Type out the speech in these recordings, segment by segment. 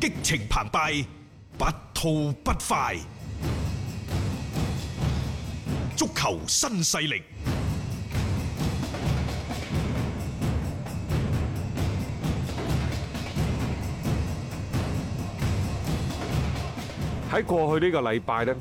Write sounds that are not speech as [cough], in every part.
激情澎湃，不吐不快。足球新勢力喺過去呢個禮拜呢，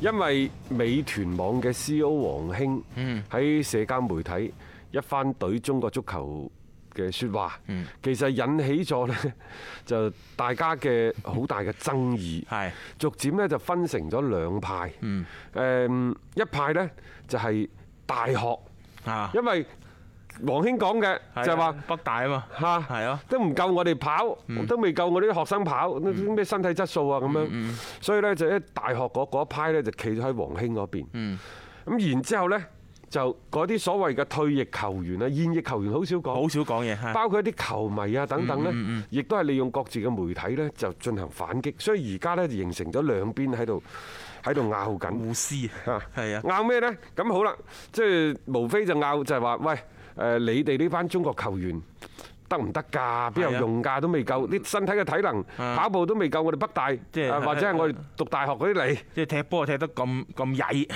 因為美團網嘅 CEO 王興喺社交媒體一番懟中國足球。嘅説話，其實引起咗呢就大家嘅好大嘅爭議，係，嗯、逐漸呢就分成咗兩派。誒、嗯、一派呢就係大學，啊、因為王興講嘅就係話北大啊嘛，嚇，都唔夠我哋跑，都未夠我啲學生跑，咩身體質素啊咁樣，所以呢，就喺大學嗰一派呢，就企咗喺王興嗰邊。咁然之後呢。就嗰啲所謂嘅退役球員啊、現役球員好少講，好少講嘢，包括一啲球迷啊等等咧，亦都係利用各自嘅媒體咧就進行反擊，所以而家咧就形成咗兩邊喺度喺度拗緊，互撕嚇，係啊，拗咩咧？咁好啦，即係無非就拗就係話，喂誒，你哋呢班中國球員。得唔得㗎？邊有用㗎？都未夠你身體嘅體能，跑步都未夠我哋北大，或者係我哋讀大學嗰啲嚟。即係踢波踢得咁咁曳，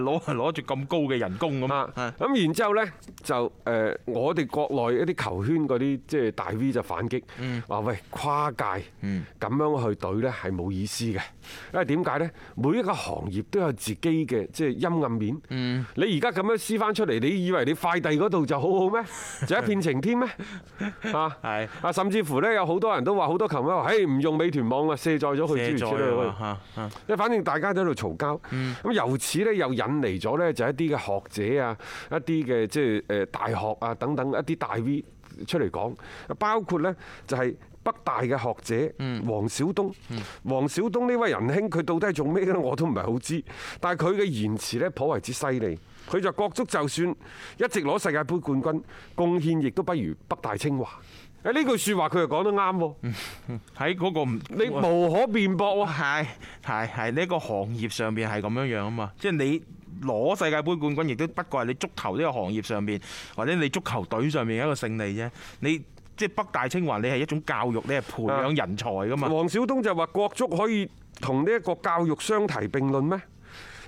攞攞住咁高嘅人工咁嘛。咁然之後咧就誒，我哋國內一啲球圈嗰啲即係大 V 就反擊，話喂，跨界咁樣去對咧係冇意思嘅，因為點解咧？每一個行業都有自己嘅即係陰暗面。你而家咁樣撕翻出嚟，你以為你快遞嗰度就好好咩？就一片晴天咩？啊係啊，甚至乎咧，有好多人都話好多球迷話，唉、hey, 唔用美團網啊，卸載咗佢之之類。卸載即反正大家都喺度嘈交。咁由此咧又引嚟咗咧，就一啲嘅學者啊，一啲嘅即係誒大學啊等等一啲大 V 出嚟講，包括咧就係北大嘅學者，嗯，黃小東，嗯，黃小東呢位仁兄佢到底係做咩嘅咧？我都唔係好知，但係佢嘅言辭咧頗為之犀利。佢就國足就算一直攞世界盃冠軍，貢獻亦都不如北大、清華 [laughs] 不。誒呢句説話佢又講得啱喎，喺嗰個你無可辯駁喎，係係係呢一個行業上面係咁樣樣啊嘛，即係你攞世界盃冠軍亦都不過係你足球呢個行業上面，或者你足球隊上面一個勝利啫。你即係北大、清華，你係一種教育，你係培養人才噶嘛。黃小東就話國足可以同呢一個教育相提並論咩？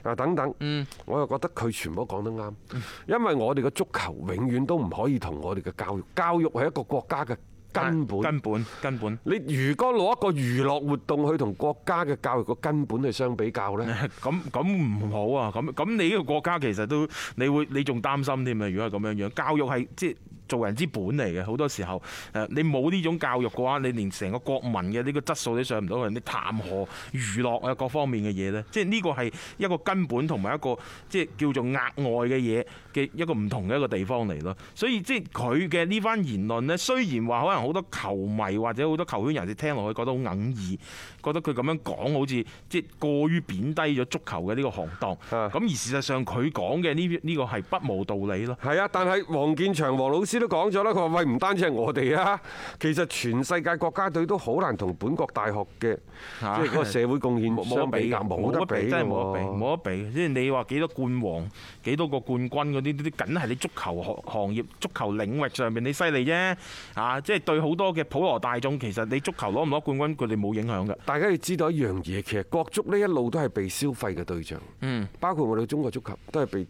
啊！等等，我又覺得佢全部都講得啱，因為我哋嘅足球永遠都唔可以同我哋嘅教育，教育係一個國家嘅根本，根本，根本。你如果攞一個娛樂活動去同國家嘅教育個根本去相比較呢，咁咁唔好啊！咁咁你呢個國家其實都，你會你仲擔心添啊！如果係咁樣樣，教育係即係。做人之本嚟嘅，好多時候，誒你冇呢種教育嘅話，你連成個國民嘅呢個質素都上唔到去，你談何娛樂啊，各方面嘅嘢呢，即係呢個係一個根本同埋一個即係叫做額外嘅嘢。嘅一個唔同嘅一個地方嚟咯，所以即係佢嘅呢番言論咧，雖然話可能好多球迷或者好多球圈人士聽落去覺得好哽耳，覺得佢咁樣講好似即係過於貶低咗足球嘅呢個行當，咁而事實上佢講嘅呢呢個係不無道理咯。係啊，但係黃健翔黃老師都講咗啦，佢話喂唔單止係我哋啊，其實全世界國家隊都好難同本國大學嘅即係個社會貢獻冇得比㗎，冇得比真係冇得比，冇得比。即係你話幾多冠王，幾多個冠軍。呢啲梗係你足球行行業、足球領域上面你犀利啫，啊！即係對好多嘅普羅大眾，其實你足球攞唔攞冠軍，佢哋冇影響㗎。大家要知道一樣嘢，其實國足呢一路都係被消費嘅對象，嗯，包括我哋中國足球都係被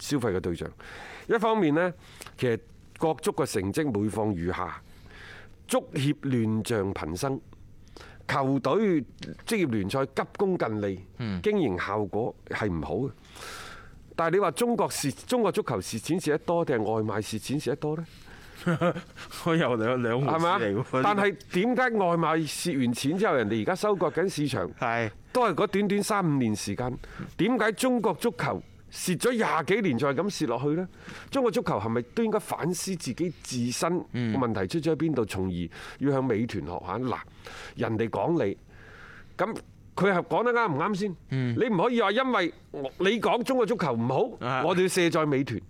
消費嘅對象。一方面呢，其實國足嘅成績每況愈下，足協亂象頻生，球隊職業聯賽急功近利，嗯，經營效果係唔好嘅。但係你話中國蝕，中國足球蝕錢蝕得多定係外賣蝕錢蝕得多呢？ [laughs] 我又兩兩回事吧，但係點解外賣蝕完錢之後，人哋而家收割緊市場？係。是的 都係嗰短短三五年時間，點解中國足球蝕咗廿幾年再咁蝕落去呢？中國足球係咪都應該反思自己自身問題出咗喺邊度，從而要向美團學下？嗱，人哋講你。咁。佢係講得啱唔啱先？ [noise] 你唔可以話因為你講中國足球唔好， [noise] 我哋要卸載美團。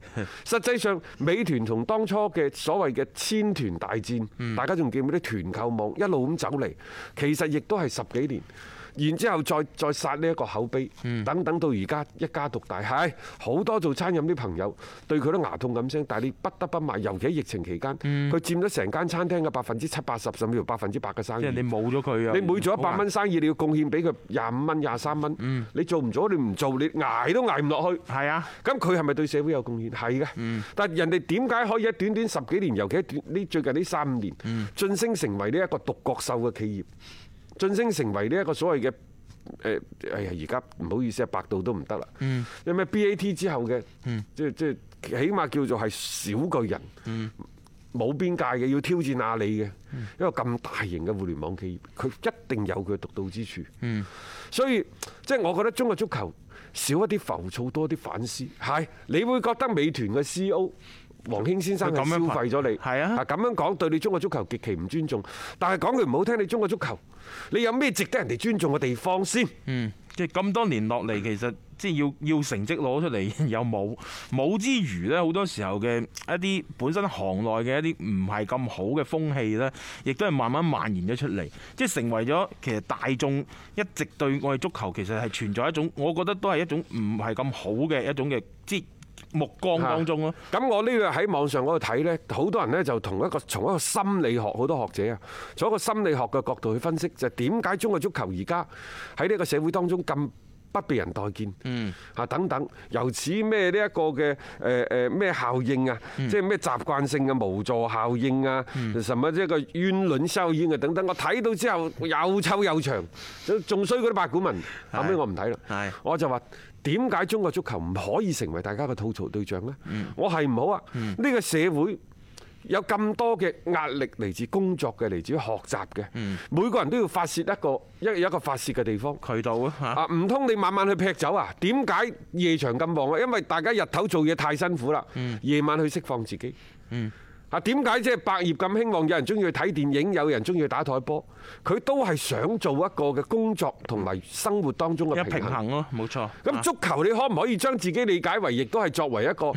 實際上，美團同當初嘅所謂嘅千團大戰， [noise] 大家仲記唔記得啲團購網一路咁走嚟，其實亦都係十幾年。然之後再再殺呢一個口碑，等、嗯、等到而家一家獨大，係好多做餐飲啲朋友對佢都牙痛咁聲。但係你不得不賣，尤其喺疫情期間，佢、嗯、佔咗成間餐廳嘅百分之七八十甚至乎百分之百嘅生意。即係你冇咗佢啊！你每做一百蚊生意，嗯、你要貢獻俾佢廿五蚊、廿三蚊。你做唔咗，你唔做，你捱都捱唔落去。係啊，咁佢係咪對社會有貢獻？係嘅。但係人哋點解可以喺短短十幾年，尤其喺呢最近呢三五年，晉、嗯、升成為呢一個獨角獸嘅企業？晉升成為呢一個所謂嘅誒，哎呀，而家唔好意思啊，百度都唔得啦。嗯、有咩 B A T 之後嘅，即係即係起碼叫做係小巨人，冇、嗯、邊界嘅，要挑戰下你嘅。嗯、一個咁大型嘅互聯網企業，佢一定有佢獨到之處。嗯、所以即係、就是、我覺得中國足球少一啲浮躁，多啲反思，係你會覺得美團嘅 C E O。黃興先生咁樣消費咗你，係是啊，咁樣講對你中國足球極其唔尊重。但係講句唔好聽，你中國足球，你有咩值得人哋尊重嘅地方先？嗯，即係咁多年落嚟，其實即係要要成績攞出嚟，有冇冇之餘呢，好多時候嘅一啲本身行內嘅一啲唔係咁好嘅風氣呢，亦都係慢慢蔓延咗出嚟，即係成為咗其實大眾一直對我哋足球其實係存在一種，我覺得都係一種唔係咁好嘅一種嘅。即目光當中咯，咁我呢個喺網上嗰度睇呢，好多人呢就同一個從一個心理學好多學者啊，從一個心理學嘅角度去分析，就點解中國足球而家喺呢個社會當中咁不被人待見，嚇等等，由此咩呢一個嘅誒誒咩效應啊，即係咩習慣性嘅無助效應啊，什麼即係個怨憤收煙啊等等，我睇到之後又臭又長，仲衰嗰啲八股文，後尾我唔睇啦，係係我就話點解中國足球唔可以成為大家嘅吐槽對象呢？我係唔好啊，呢個社會。有咁多嘅壓力嚟自工作嘅，嚟自於學習嘅。每個人都要發泄一個一一個發泄嘅地方渠道啊！啊，唔通你晚晚去劈酒啊？點解夜場咁旺啊？因為大家日頭做嘢太辛苦啦，夜晚去釋放自己。啊，點解即係百業咁興旺？有人中意去睇電影，有人中意去打台波，佢都係想做一個嘅工作同埋生活當中嘅平衡咯。冇錯。咁足球，你可唔可以將自己理解為亦都係作為一個？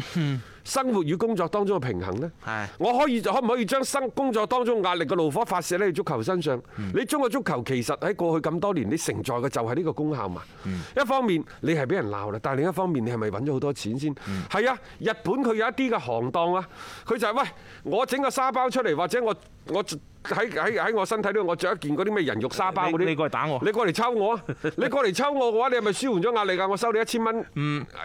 生活與工作當中嘅平衡咧，是的 我可以就可唔可以將生工作當中壓力嘅怒火發泄喺足球身上？嗯、你中國足球其實喺過去咁多年你承載嘅就係呢個功效嘛。嗯、一方面你係俾人鬧啦，但係另一方面你係咪揾咗好多錢先？係啊、嗯，日本佢有一啲嘅行當啊，佢就係、是、喂我整個沙包出嚟，或者我。我喺喺喺我身體度，我着一件嗰啲咩人肉沙包嗰啲，你過嚟打我，你過嚟抽我啊！你過嚟抽我嘅話，你係咪舒緩咗壓力㗎？我收你一千蚊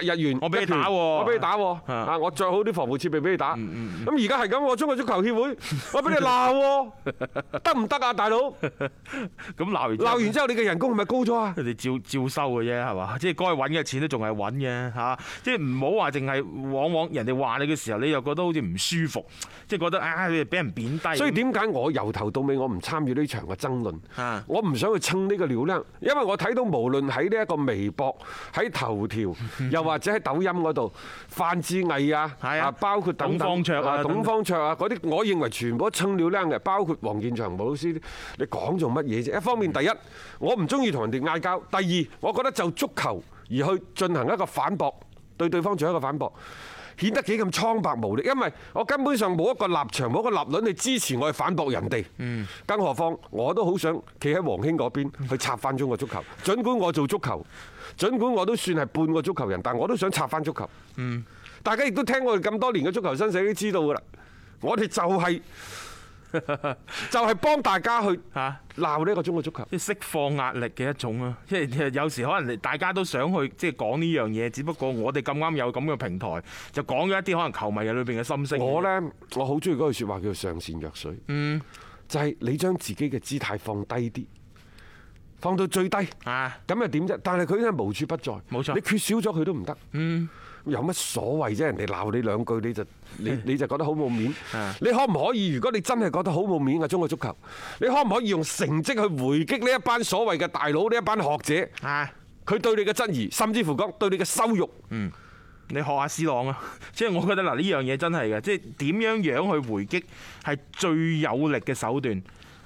日元，我俾你打喎，我俾你打喎，我着好啲防護設備俾你打，咁而家係咁，我中國足球協會，我俾你鬧，得唔得啊，大佬？咁鬧完鬧完之後，你嘅人工係咪高咗啊？你照照收嘅啫，係嘛？即係該係揾嘅錢都仲係揾嘅嚇，即係唔好話淨係往往人哋話你嘅時候，你又覺得好似唔舒服，即係覺得啊，你俾人貶低。所以點？點解我由頭到尾參與是、啊、我唔參與呢場嘅爭論？我唔想去蹭呢個料呢？因為我睇到無論喺呢一個微博、喺頭條，又或者喺抖音嗰度，范志毅啊，是啊包括等等董方卓啊，嗰啲、啊、我認為全部都蹭料咧嘅，包括黃健翔毛老師。你講做乜嘢啫？一方面，第一我唔中意同人哋嗌交；第二，我覺得就足球而去進行一個反駁，對，對對方做一個反駁。顯得幾咁蒼白無力，因為我根本上冇一個立場，冇一個立論去支持我去反駁人哋。嗯，更何況我都好想企喺黃兄嗰邊去拆翻中國足球。儘管我做足球，儘管我都算係半個足球人，但我都想拆翻足球。嗯，大家亦都聽我哋咁多年嘅足球新勢力都知道㗎啦，我哋就係、是。 [laughs] 就係幫大家去吓鬧呢個中國足球，即釋放壓力嘅一種啊！即係有時可能大家都想去即係講呢樣嘢，只不過我哋咁啱有咁嘅平台，就講咗一啲可能球迷嘅裏邊嘅心聲。我呢，我好中意嗰句說話叫上善若水。嗯，就係你將自己嘅姿態放低啲，放到最低啊！咁又點啫？但係佢呢，無處不在，冇錯，你缺少咗佢都唔得。嗯。有乜所謂啫？人哋鬧你兩句你就你你就覺得好冇面。 [laughs] 你可唔可以？如果你真係覺得好冇面嘅中國足球，你可唔可以用成績去回擊呢一班所謂嘅大佬，呢一班學者？啊！佢對你嘅質疑，甚至乎講對你嘅羞辱。嗯，你學下思朗啊！即 [laughs] 係我覺得嗱，呢樣嘢真係嘅，即係點樣樣去回擊係最有力嘅手段。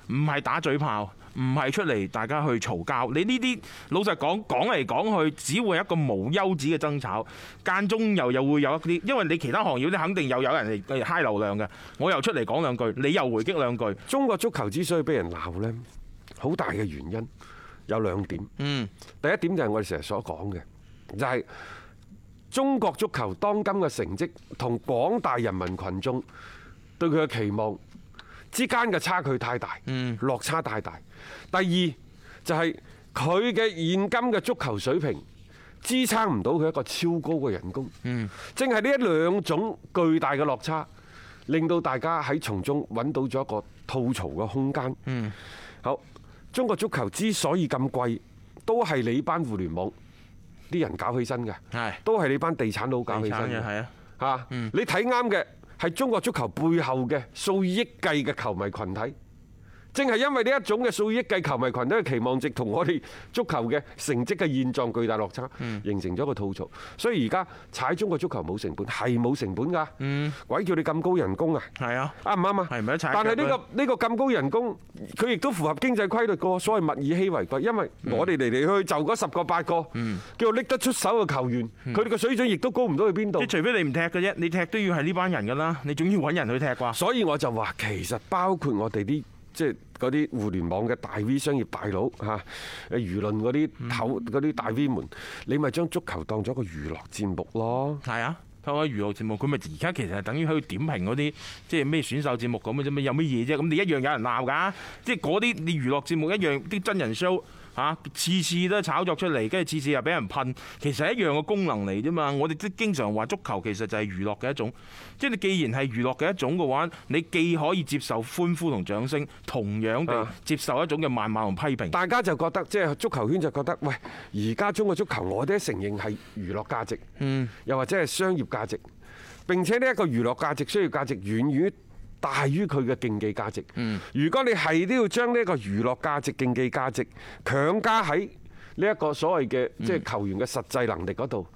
唔係打嘴炮，唔係出嚟大家去嘈交。你呢啲老實講，講嚟講去只會一個無休止嘅爭吵，間中又又會有一啲，因為你其他行業你肯定又有人嚟揩流量嘅，我又出嚟講兩句，你又回擊兩句。中國足球之所以俾人鬧咧，好大嘅原因有兩點。嗯，第一點就係我哋成日所講嘅，就係中國足球當今嘅成績同廣大人民群眾對佢嘅期望之間嘅差距太大，落差太大。嗯、第二就係佢嘅現今嘅足球水平支撐唔到佢一個超高嘅人工。嗯、正係呢一兩種巨大嘅落差，令到大家喺從中揾到咗一個吐槽嘅空間。嗯、好，中國足球之所以咁貴，都係你班互聯網啲人搞起身嘅，的都係你班地產佬搞起身嘅。嚇，嗯、你睇啱嘅，係中國足球背後嘅數以億計嘅球迷群體。正係因為呢一種嘅數以億計球迷群都嘅期望值，同我哋足球嘅成績嘅現狀巨大落差，形成咗一個吐槽。所以而家踩中國足球冇成本，係冇成本㗎。鬼叫你咁高人工啊！係啊，啱唔啱啊？係咪都踩？但係呢個呢個咁高人工，佢亦都符合經濟規律個所謂物以稀為貴，因為我哋嚟嚟去就嗰十個八個叫做拎得出手嘅球員，佢哋個水準亦都高唔到去邊度。除非你唔踢嘅啫，你踢都要係呢班人㗎啦，你總要揾人去踢啩。所以我就話，其實包括我哋啲。即係嗰啲互聯網嘅大 V 商業大佬嚇，誒輿論嗰啲、嗯、頭嗰啲大 V 們，你咪將足球當咗個娛樂節目咯？係啊，當個娛樂節目，佢咪而家其實係等於喺度點評嗰啲即係咩選秀節目咁嘅啫嘛？有乜嘢啫？咁你一樣有人鬧㗎，即係嗰啲你娛樂節目一樣啲真人 show。嚇，次次都炒作出嚟，跟住次次又俾人噴。其實一樣嘅功能嚟啫嘛。我哋都經常話足球其實就係娛樂嘅一種。即係你既然係娛樂嘅一種嘅話，你既可以接受歡呼同掌聲，同樣地接受一種嘅謾罵同批評。大家就覺得即係足球圈就覺得，喂，而家中國足球我哋都承認係娛樂價值，又或者係商業價值。並且呢一個娛樂價值、商業價值遠遠大於佢嘅競技價值。嗯、如果你係都要將呢一個娛樂價值、競技價值強加喺呢一個所謂嘅即係球員嘅實際能力嗰度，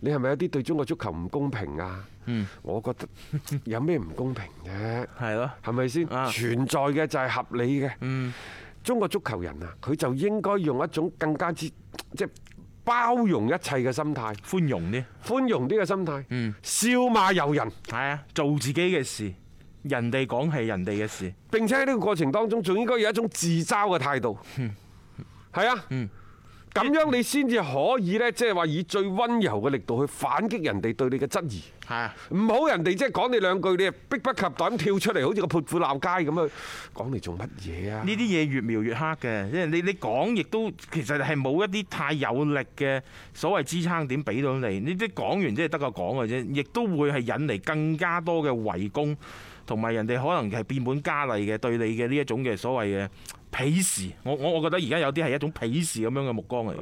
你係咪有啲對中國足球唔公平啊？嗯、我覺得有咩唔公平嘅？係咯、嗯，係咪先存在嘅就係合理嘅。嗯、中國足球人啊，佢就應該用一種更加之即係、就是、包容一切嘅心態，寬容啲，寬容啲嘅心態，嗯、笑罵由人，係啊，做自己嘅事。人哋講係人哋嘅事，並且喺呢個過程當中，仲應該有一種自嘲嘅態度。係、嗯、啊，咁、嗯、樣你先至可以呢，即係話以最溫柔嘅力度去反擊人哋對你嘅質疑、啊。係唔好人哋即係講你兩句，你係迫不及待咁跳出嚟，好似個潑婦鬧街咁啊，講嚟做乜嘢啊？呢啲嘢越描越黑嘅，因為你你講亦都其實係冇一啲太有力嘅所謂支撐點俾到你。呢啲講完即係得個講嘅啫，亦都會係引嚟更加多嘅圍攻。同埋人哋可能係變本加厲嘅，對你嘅呢一種嘅所謂嘅。鄙視我，我我覺得而家有啲係一種鄙視咁樣嘅目光嚟，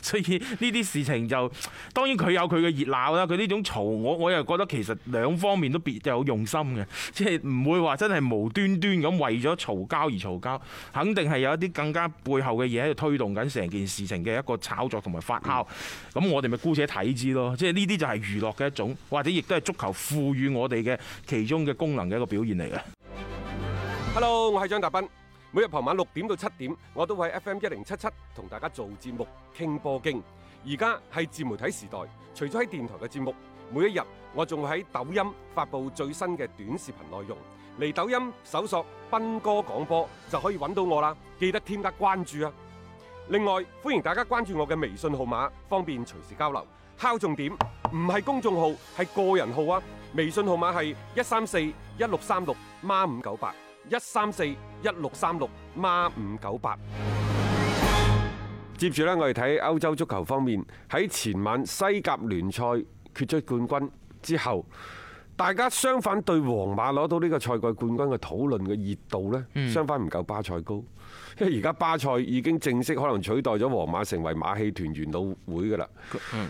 所以呢啲事情就當然佢有佢嘅熱鬧啦。佢呢種嘈，我我又覺得其實兩方面都別有用心嘅，即係唔會話真係無端端咁為咗嘈交而嘈交，肯定係有一啲更加背後嘅嘢喺度推動緊成件事情嘅一個炒作同埋發酵。咁、嗯、我哋咪姑且睇之咯。即係呢啲就係娛樂嘅一種，或者亦都係足球賦予我哋嘅其中嘅功能嘅一個表現嚟嘅。Hello，我係張達斌。每日傍晚六點到七點，我都會喺 FM 1077同大家做節目傾波經。而家係自媒體時代，除咗喺電台嘅節目，每一日我仲會喺抖音發佈最新嘅短視頻內容。嚟抖音搜索斌哥廣播就可以揾到我喇，記得添加關注啊！另外，歡迎大家關注我嘅微信號碼，方便隨時交流。敲重點，唔係公眾號，係個人號啊！微信號碼係13416365598一三四一六三六孖五九八。接住呢我哋睇歐洲足球方面。喺前晚西甲聯賽決出冠軍之後，大家相反對皇馬攞到呢個賽季冠軍嘅討論嘅熱度呢，相反唔夠巴塞高。因為而家巴塞已經正式可能取代咗皇馬成為馬戲團元老會噶啦。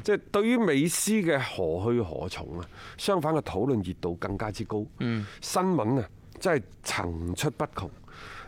即係對於美斯嘅何去何從啊，相反嘅討論熱度更加之高。新聞啊！真係層出不窮，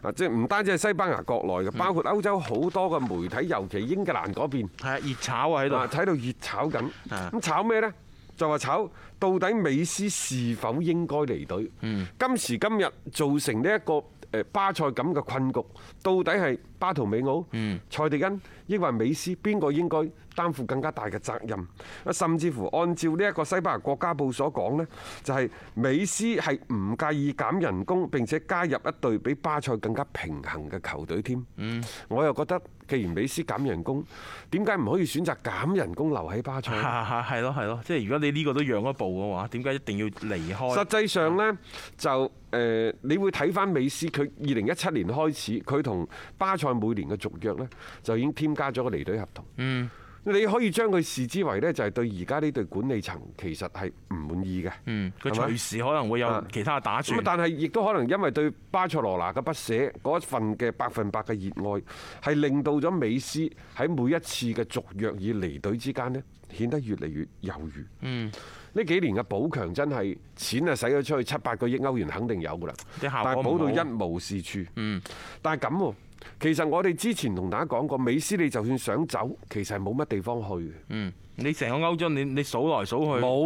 啊！即係唔單止係西班牙國內嘅，包括歐洲好多嘅媒體，尤其英格蘭嗰邊，係啊，熱炒啊喺度，睇到熱炒緊。咁炒咩呢？就話炒到底美斯是否應該離隊？今時今日造成呢一個誒巴塞咁嘅困局，到底係？巴圖美奧，嗯，塞蒂恩，抑或美斯，邊個應該擔負更加大嘅責任？啊，甚至乎按照呢，這，一個西班牙國家報所講咧，就係，是，美斯係唔介意減人工，並且加入一隊比巴塞更加平衡嘅球隊添。嗯，我又覺得，既然美斯減人工，點解唔可以選擇減人工留喺巴塞？係咯係咯，即係如果你呢個都讓一步嘅話，點解一定要離開？實際上咧，就誒你會睇翻美斯佢二零一七年開始佢同巴塞。在 [music] 每年嘅續約呢，就已經添加咗個離隊合同。嗯，你可以將佢視之為呢，就係對而家呢隊管理層其實係唔滿意嘅。嗯，佢吧隨時可能會有其他打算、嗯嗯。但係亦都可能因為對巴塞羅那嘅不捨，嗰一份嘅百分百嘅熱愛，係令到咗美斯喺每一次嘅續約與離隊之間呢，顯得越嚟越猶豫。嗯，呢幾年嘅補強真係錢啊，使咗出去七八個億歐元，肯定有噶啦。但係補到一無是處。嗯，但係咁喎。其實我哋之前同大家講過，美斯你就算想走，其實係冇乜地方去嘅。嗯，你成個歐洲，你你數來數去冇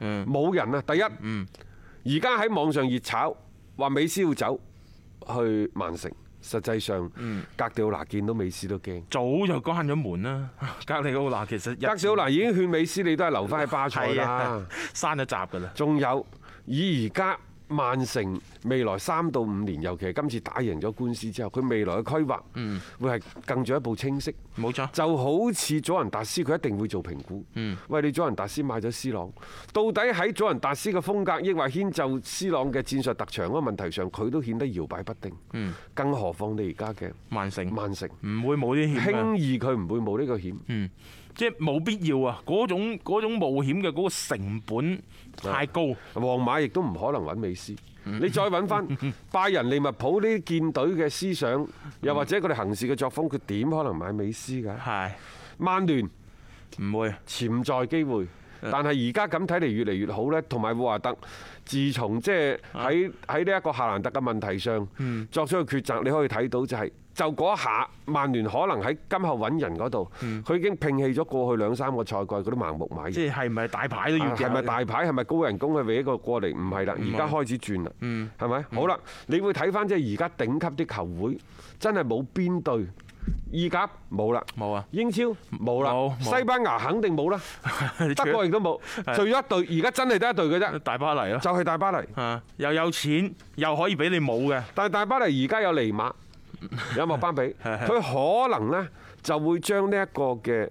嘅，冇人啊！第一，而家喺網上熱炒話美斯要走去曼城，實際上哥迪奧拿見到美斯都驚，早就關咗門啦。哥迪奧拿其實，哥迪奧拿已經勸美斯你都係留翻喺巴塞啦，閂咗閘㗎啦。仲有以而家。曼城未來三到五年，尤其係今次打贏咗官司之後，佢未來嘅規劃會係更進一步清晰。冇沒錯，就好似祖雲達斯，佢一定會做評估。喂、嗯、你祖雲達斯買咗 C 朗，到底喺祖雲達斯嘅風格，抑或牽就 C 朗嘅戰術特長嗰個問題上，佢都顯得搖擺不定。嗯、更何況你而家嘅曼城，曼城唔會冇呢啲險，輕易佢唔會冇呢個險麼。嗯。即係冇必要啊！嗰種嗰種冒險嘅嗰個成本太高。皇馬亦都唔可能揾美斯。你再揾翻拜仁、利物浦呢啲劍隊嘅思想，又或者佢哋行事嘅作風，佢點可能買美斯㗎？係。曼聯唔會潛在機會，但係而家咁睇嚟越嚟越好呢，同埋沃亞特，自從即係喺喺呢一個夏蘭特嘅問題上作出嘅抉擇，你可以睇到就係、是。就嗰下，曼聯可能喺今後揾人嗰度，佢已經摒棄咗過去兩三個賽季嗰啲盲目買人。即係係咪大牌都要嘅？係咪大牌？係咪高人工？係咪一個過嚟？唔係啦，而家開始轉啦。係咪不是？好啦，你會睇翻即係而家頂級啲球會，真係冇邊隊意甲冇啦，冇啊！有英超冇啦，西班牙肯定冇啦，有德國亦都冇， [laughs] 是 除咗一隊，而家真係得一隊嘅啫。大巴黎咯，就係大巴黎，又有錢又可以俾你冇嘅。但係大巴黎而家有尼馬。 [laughs] 有麥巴比，佢可能咧就會將呢一個嘅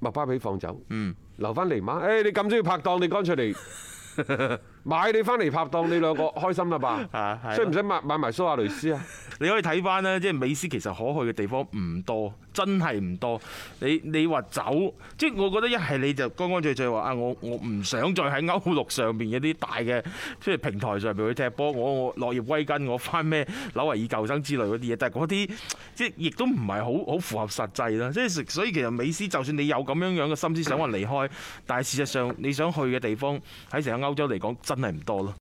麥巴比放走， [laughs] 嗯、留翻嚟嘛。誒、欸，你咁中意拍檔，你乾脆嚟買你翻嚟拍檔，你兩個開心啦吧？需唔使買買埋蘇亞雷斯啊？你可以睇翻啦，即係美斯其實可去嘅地方唔多。真係唔多，你你話走，即係我覺得一係你就乾乾脆脆話啊，我我唔想再喺歐陸上邊嗰啲大嘅即係平台上邊去踢波，我我落葉歸根，我翻咩紐維爾舊生之類嗰啲嘢，但係嗰啲即係亦都唔係好好符合實際啦。即係所以其實美斯就算你有咁樣樣嘅心思想話離開，但係事實上你想去嘅地方喺成個歐洲嚟講真係唔多咯。